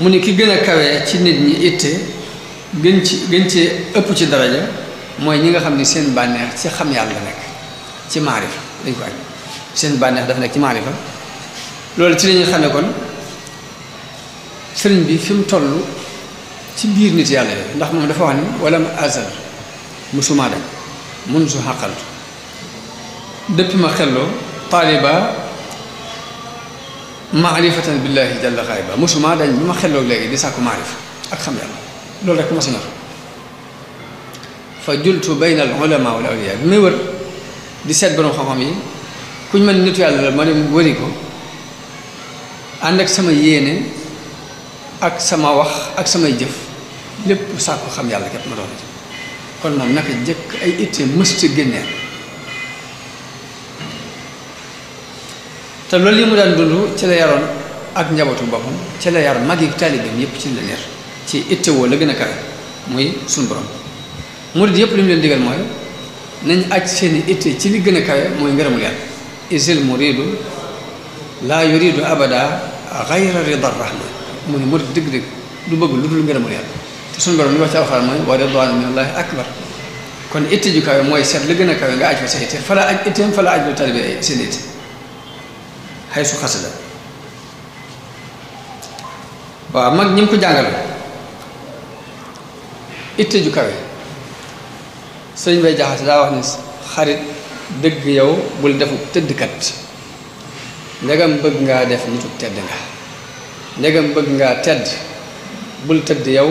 mu ni ki gën a kawe ci nit ñi itte gën ci gën ci ëpp ci daraja mooy ñi nga xam ni seen bànneex ci xam yàlla nekk ci maarifa dañ ko seen bànneex dafa nekk ci loolu ci lañuy xamee kon sëriñ bi fi mu toll ci biir nit yàlla yi ndax moom dafa wax ni wala mu azal musuma dañ mun su xàqaltu dëpp ma xelloo taaliba معرفة بالله جل غائبة مش ما دا ما خلو لي دي ساكو معرفة اك خم يالله يعني. لول رك ما سنخ فجلت بين العلماء والأولياء ميور دي سيد برون خفامي كون من نتو يالله ماني موريكو عندك سما اك سما اك سما لب ساكو خم يالله كت مرون كون مم نك اي اتي مستجنين te loolu yi mu daan dund ci la yaroon ak njabootu boppam ci la yar mag yi taalibeem yëpp ci la leer ci ittewoo la gën a kawe muy suñu borom murid yëpp li mu leen digal mooy nañ aj seeni itte ci li gën a kawe mooy ngërëmul yàlla isil muridu laa yuridu abada xayra rida rahman mu ne murid dëgg-dëgg du bëgg lu dul ngërëmul yàlla te suñu borom li wax ci alxuraan mooy wa ridwaanu minallaahi akbar kon itte ju kawe mooy set la gën a kawe nga aj fa sa itte fala aj fala aj lu xay su xasida waaw mag ñi mu ko jàngal itte ju kawe sëñ bay jaxase daa wax ni xarit dëgg yow bul defu tëddkat ndegam bëgg ngaa def nitu tedd nga ndegam bëgg ngaa tedd bul tëdd yow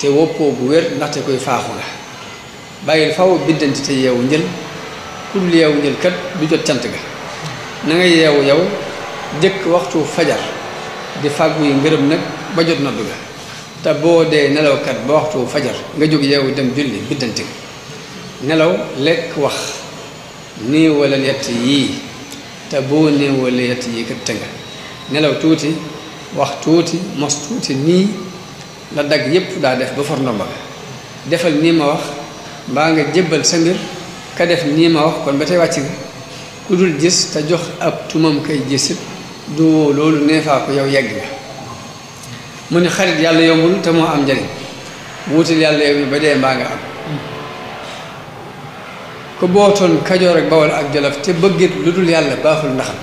te woppoo bu wér ndaxte koy faaxu la bàyyil faw biddanti te yeewu njël ku dul yeewu njël kat du jot cant ga nanga yeewu yow jëkk waxtu fajar di fàggu yi ngërëm nag ba jot na dugga te boo dee nelawkat ba waxtu fajar nga jóg yeewu dem julli biddanti nelaw lekk wax néewalal yett yii te boo néewale yett yii kat tënga nelaw tuuti wax tuuti mos tuuti nii la dagg yépp daa def ba for ndomba defal nii ma wax mbaa nga jébbal sa mbir ka def nii ma wax kon ba tey wàcc nga ku dul gis te jox ab tumam kay gisit du loolu neefaa ko yow yegg la mu ne xarit yàlla yombul te moo am njariñ wuutal yàlla yow ba dee mbaa nga am ku bootoon kajoor ak bawol ak jolof te bëggit lu dul yàlla baaxul ndaxam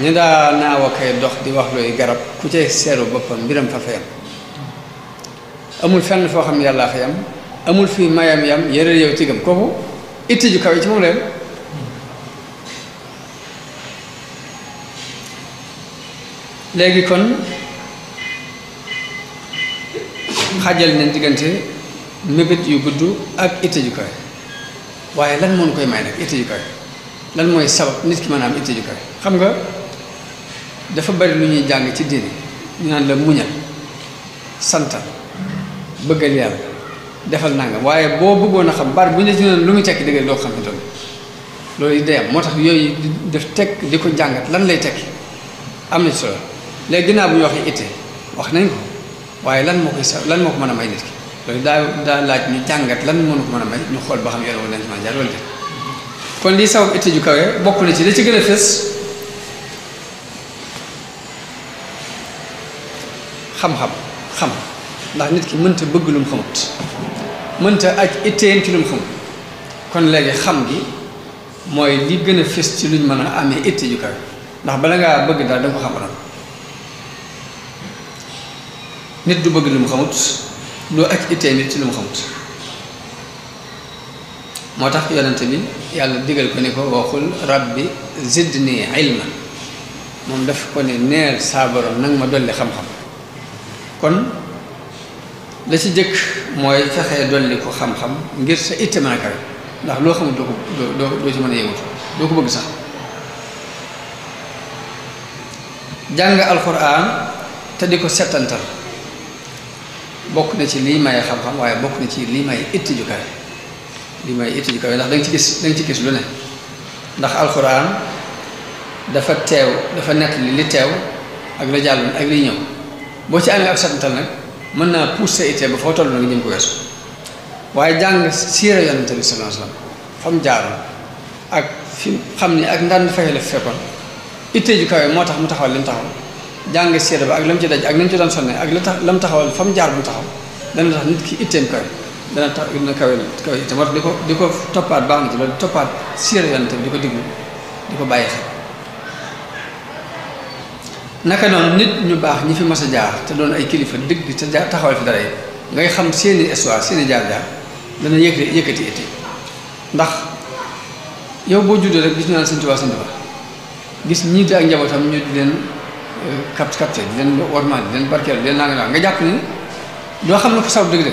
ñu daa naawa dox di wax looy garab ku cay seeru boppam mbiram fa fa amul fenn foo xam yàllaa fa amul fi mayam yam yëral yow tigam kooku itti ju kawe ci moom la léegi kon xaajal nañ diggante mébét yu gudd ak itte ju waaye lan moom koy may nag itte ju lan mooy sabab nit ki mën a am itte ju xam nga dafa bari lu ñuy jàng ci diine ñu naan la muñal santal bëggal yàlla defal nangam waaye boo bëggoon a xam baat bu ñu la ci noonu lu muy tekki dëgg doo xam ne doon loolu yi day moo tax yooyu def tekk di ko jàngat lan lay tekki am na ci solo لكن أبو يوحي إتي وخنين هو واي لن موكي سا لن موك مانا ماي نيتك لو دا دا لاج ني جانغات لن مونوك مانا ماي ني خول باخام يالو نانت ما جار ولد كون لي ساو إتي جو كاوي بوكو لي سي لي سي غينا فيس خم خم خم دا نيت كي مونتا بوج لوم خموت مونتا اج إتين تي لوم خم كون لغي خم جي موي لي غينا فيس تي لوم مانا امي إتي جو كاوي ndax bala nga bëgg daal da nga ko xam nit du bëgg lu mu xamut du ak ittee nit ci lu mu xamut moo tax yonente bi yàlla digal ko ne ko waxul rabbi zidni ilman moom daf ko ne neel saa borom nag ma dolli xam-xam kon la ci jëkk mooy fexee dolli ko xam-xam ngir sa itte mën a kawe ndax loo xamut doo ko doo doo ci mën a yëngutu doo ko bëgg sax jàng alquran te di ko settantal bokk na ci lii may xam-xam waaye bokk na ci lii may itti ju kawe lii may itti ju kawe ndax danga ci gis danga ci gis lu ne ndax alxuraan dafa teew dafa nett li li teew ak la jàll ak liy ñëw boo ci amee ak santal nag mën naa pousse ittee ba foo toll na nga jëm ko weesu waaye jàng siira yonante bi sallallahu alayhi wasallam fa mu jaaroon ak fi xam ni ak ndaan fay la fekkoon ittee ju kawe moo tax mu taxawal li mu taxawal jàng seede ba ak lam ci daj ak lam ci doon sonne ak la tax lam taxawal fa mu jaar bu taxaw dana tax nit ki itteem kawe dana tax dina kawe na kawe itam war di ko di ko toppaat baax na ci loolu toppaat seede yoon itam di ko diglu di ko bàyyi xel naka noonu nit ñu baax ñi fi mas a jaar te doon ay kilifa dëgg te taxawal fi dara yi ngay xam seeni histoire seeni jaar-jaar dana yëkkati yëkkati itte ndax yow boo juddoo rek gis ñu naan Sëñ Tuubaa Sëñ Tuubaa gis ñiite ak njabootam ñu di leen kat kat di leen warmaan di leen barkeel di leen naa nga nga jàpp ni doo xam ne ko saw dëgg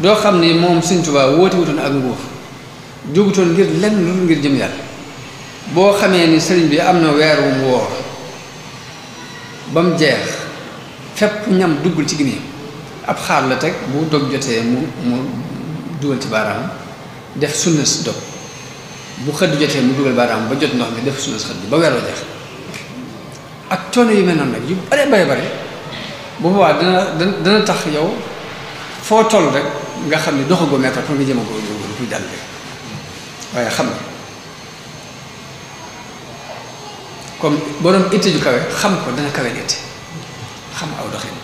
doo xam ne moom Sëñ Tuubaa woote wutoon ak nguur jógutoon ngir lenn lu ngir jëm yàlla boo xamee ni sëriñ bi am na weer wu mu woor ba mu jeex fépp ñam duggul ci gine ab xaar la teg bu dog jotee mu mu dugal ci baaraam def sunna si dog bu xëdd jotee mu dugal baaraam ba jot ndox mi def sunna si xëdd ba weeroo jeex ak coono yu mel noonu nag yu bare bare bare bu boobaa dana dana tax yow foo toll rek nga xam ne doxagoo mètre pour nga jëm a góorgóorlu pour jàll waaye xam nga comme boo doon itte ju kawe xam ko dana kawe itte xam aw doxin